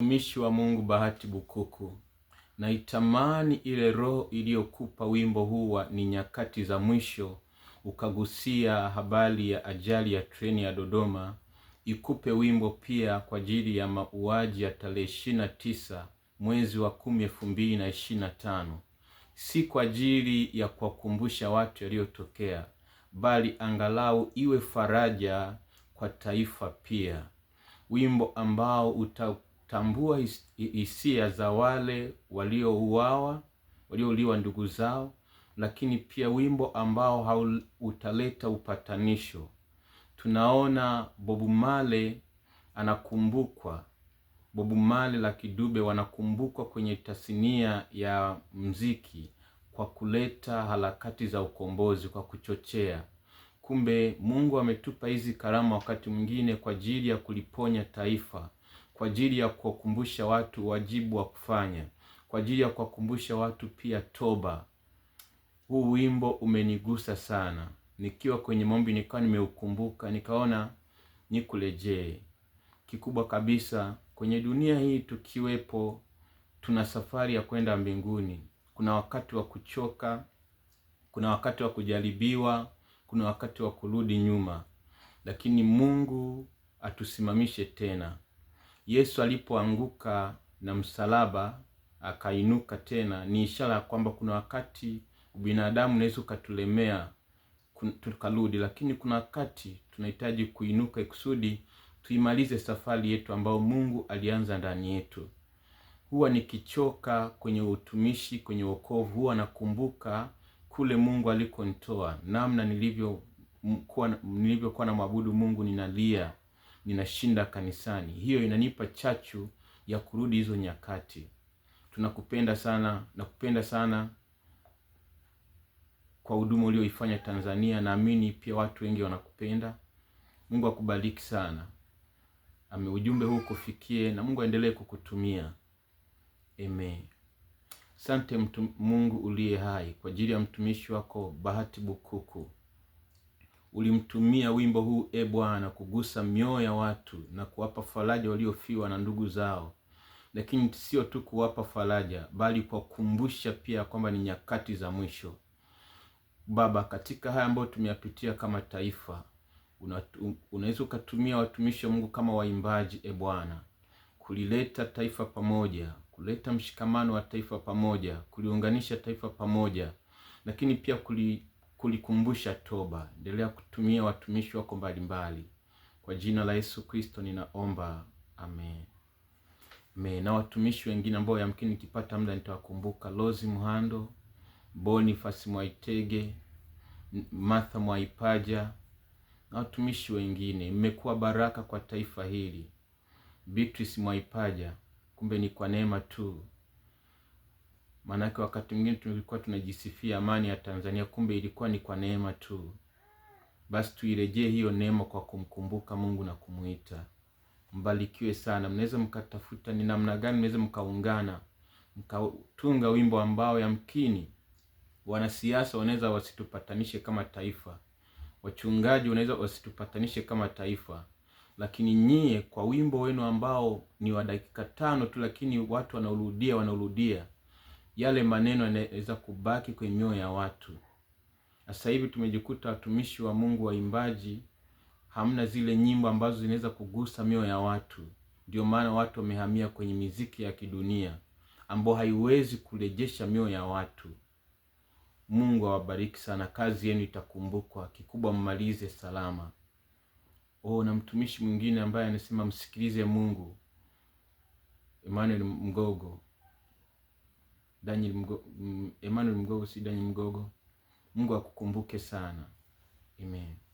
Mtumishi wa Mungu Bahati Bukuku, naitamani ile roho iliyokupa wimbo huu wa ni nyakati za mwisho, ukagusia habari ya ajali ya treni ya Dodoma, ikupe wimbo pia kwa ajili ya mauaji ya tarehe ishirini na tisa mwezi wa kumi elfu mbili na ishirini na tano si kwa ajili ya kuwakumbusha watu yaliyotokea, bali angalau iwe faraja kwa taifa pia, wimbo ambao uta tambua hisia za wale waliouawa, waliouliwa ndugu zao, lakini pia wimbo ambao hautaleta upatanisho. Tunaona Bob Marley anakumbukwa, Bob Marley la Kidube wanakumbukwa kwenye tasnia ya mziki kwa kuleta harakati za ukombozi, kwa kuchochea. Kumbe Mungu ametupa hizi karama wakati mwingine kwa ajili ya kuliponya taifa kwa ajili ya kuwakumbusha watu wajibu wa kufanya, kwa ajili ya kuwakumbusha watu pia toba. Huu wimbo umenigusa sana, nikiwa kwenye maombi nikawa nimeukumbuka, nikaona nikurejee. Kikubwa kabisa, kwenye dunia hii tukiwepo, tuna safari ya kwenda mbinguni. Kuna wakati wa kuchoka, kuna wakati wa kujaribiwa, kuna wakati wa kurudi nyuma, lakini Mungu atusimamishe tena. Yesu alipoanguka na msalaba akainuka tena, ni ishara ya kwamba kuna wakati ubinadamu unaweza ukatulemea tukarudi, lakini kuna wakati tunahitaji kuinuka ikusudi tuimalize safari yetu ambayo Mungu alianza ndani yetu. Huwa nikichoka kwenye utumishi, kwenye wokovu, huwa nakumbuka kule Mungu alikonitoa, namna nilivyokuwa nilivyokuwa mwabudu Mungu, ninalia ninashinda kanisani. Hiyo inanipa chachu ya kurudi hizo nyakati. Tunakupenda sana, nakupenda sana kwa huduma ulioifanya Tanzania. Naamini pia watu wengi wanakupenda. Mungu akubariki sana. Ame ujumbe huu kufikie, na Mungu aendelee kukutumia. Amen. Sante Mungu uliye hai kwa ajili ya mtumishi wako Bahati Bukuku ulimtumia wimbo huu e Bwana kugusa mioyo ya watu na kuwapa faraja waliofiwa na ndugu zao, lakini sio tu kuwapa faraja, bali kuwakumbusha pia kwamba ni nyakati za mwisho. Baba, katika haya ambayo tumeyapitia kama taifa, unaweza ukatumia watumishi wa Mungu kama waimbaji, e Bwana, kulileta taifa pamoja, kuleta mshikamano wa taifa pamoja, kuliunganisha taifa pamoja, lakini pia kuli kulikumbusha toba. Endelea kutumia watumishi wako mbalimbali. Kwa jina la Yesu Kristo ninaomba, amen. Me, na watumishi wengine ambao yamkini nikipata muda nitawakumbuka: Lozi Muhando, Bonifasi Mwaitege, Martha Mwaipaja na watumishi wengine. Mmekuwa baraka kwa taifa hili. Beatrice Mwaipaja, kumbe ni kwa neema tu. Maanake wakati mwingine tulikuwa tunajisifia amani ya Tanzania, kumbe ilikuwa ni kwa neema tu. Basi tuirejee hiyo neema kwa kumkumbuka Mungu na kumwita. Mbarikiwe sana. Mnaweza mkatafuta ni namna gani mnaweza mkaungana mkatunga wimbo ambao yamkini wanasiasa wanaweza wasitupatanishe kama taifa, wachungaji wanaweza wasitupatanishe kama taifa, lakini nyie kwa wimbo wenu ambao ni wa dakika tano tu, lakini watu wanaurudia wanaurudia yale maneno yanaweza kubaki kwenye mioyo ya watu. Sasa hivi tumejikuta watumishi wa Mungu, waimbaji, hamna zile nyimbo ambazo zinaweza kugusa mioyo ya watu. Ndio maana watu wamehamia kwenye miziki ya kidunia ambayo haiwezi kurejesha mioyo ya watu. Mungu awabariki sana, kazi yenu itakumbukwa. Kikubwa mmalize salama. Oh, na mtumishi mwingine ambaye anasema msikilize Mungu, Emmanuel Mgogo. Daniel Mgo, Emmanuel Mgogo, si Daniel Mgogo. Mungu akukumbuke sana. Amen.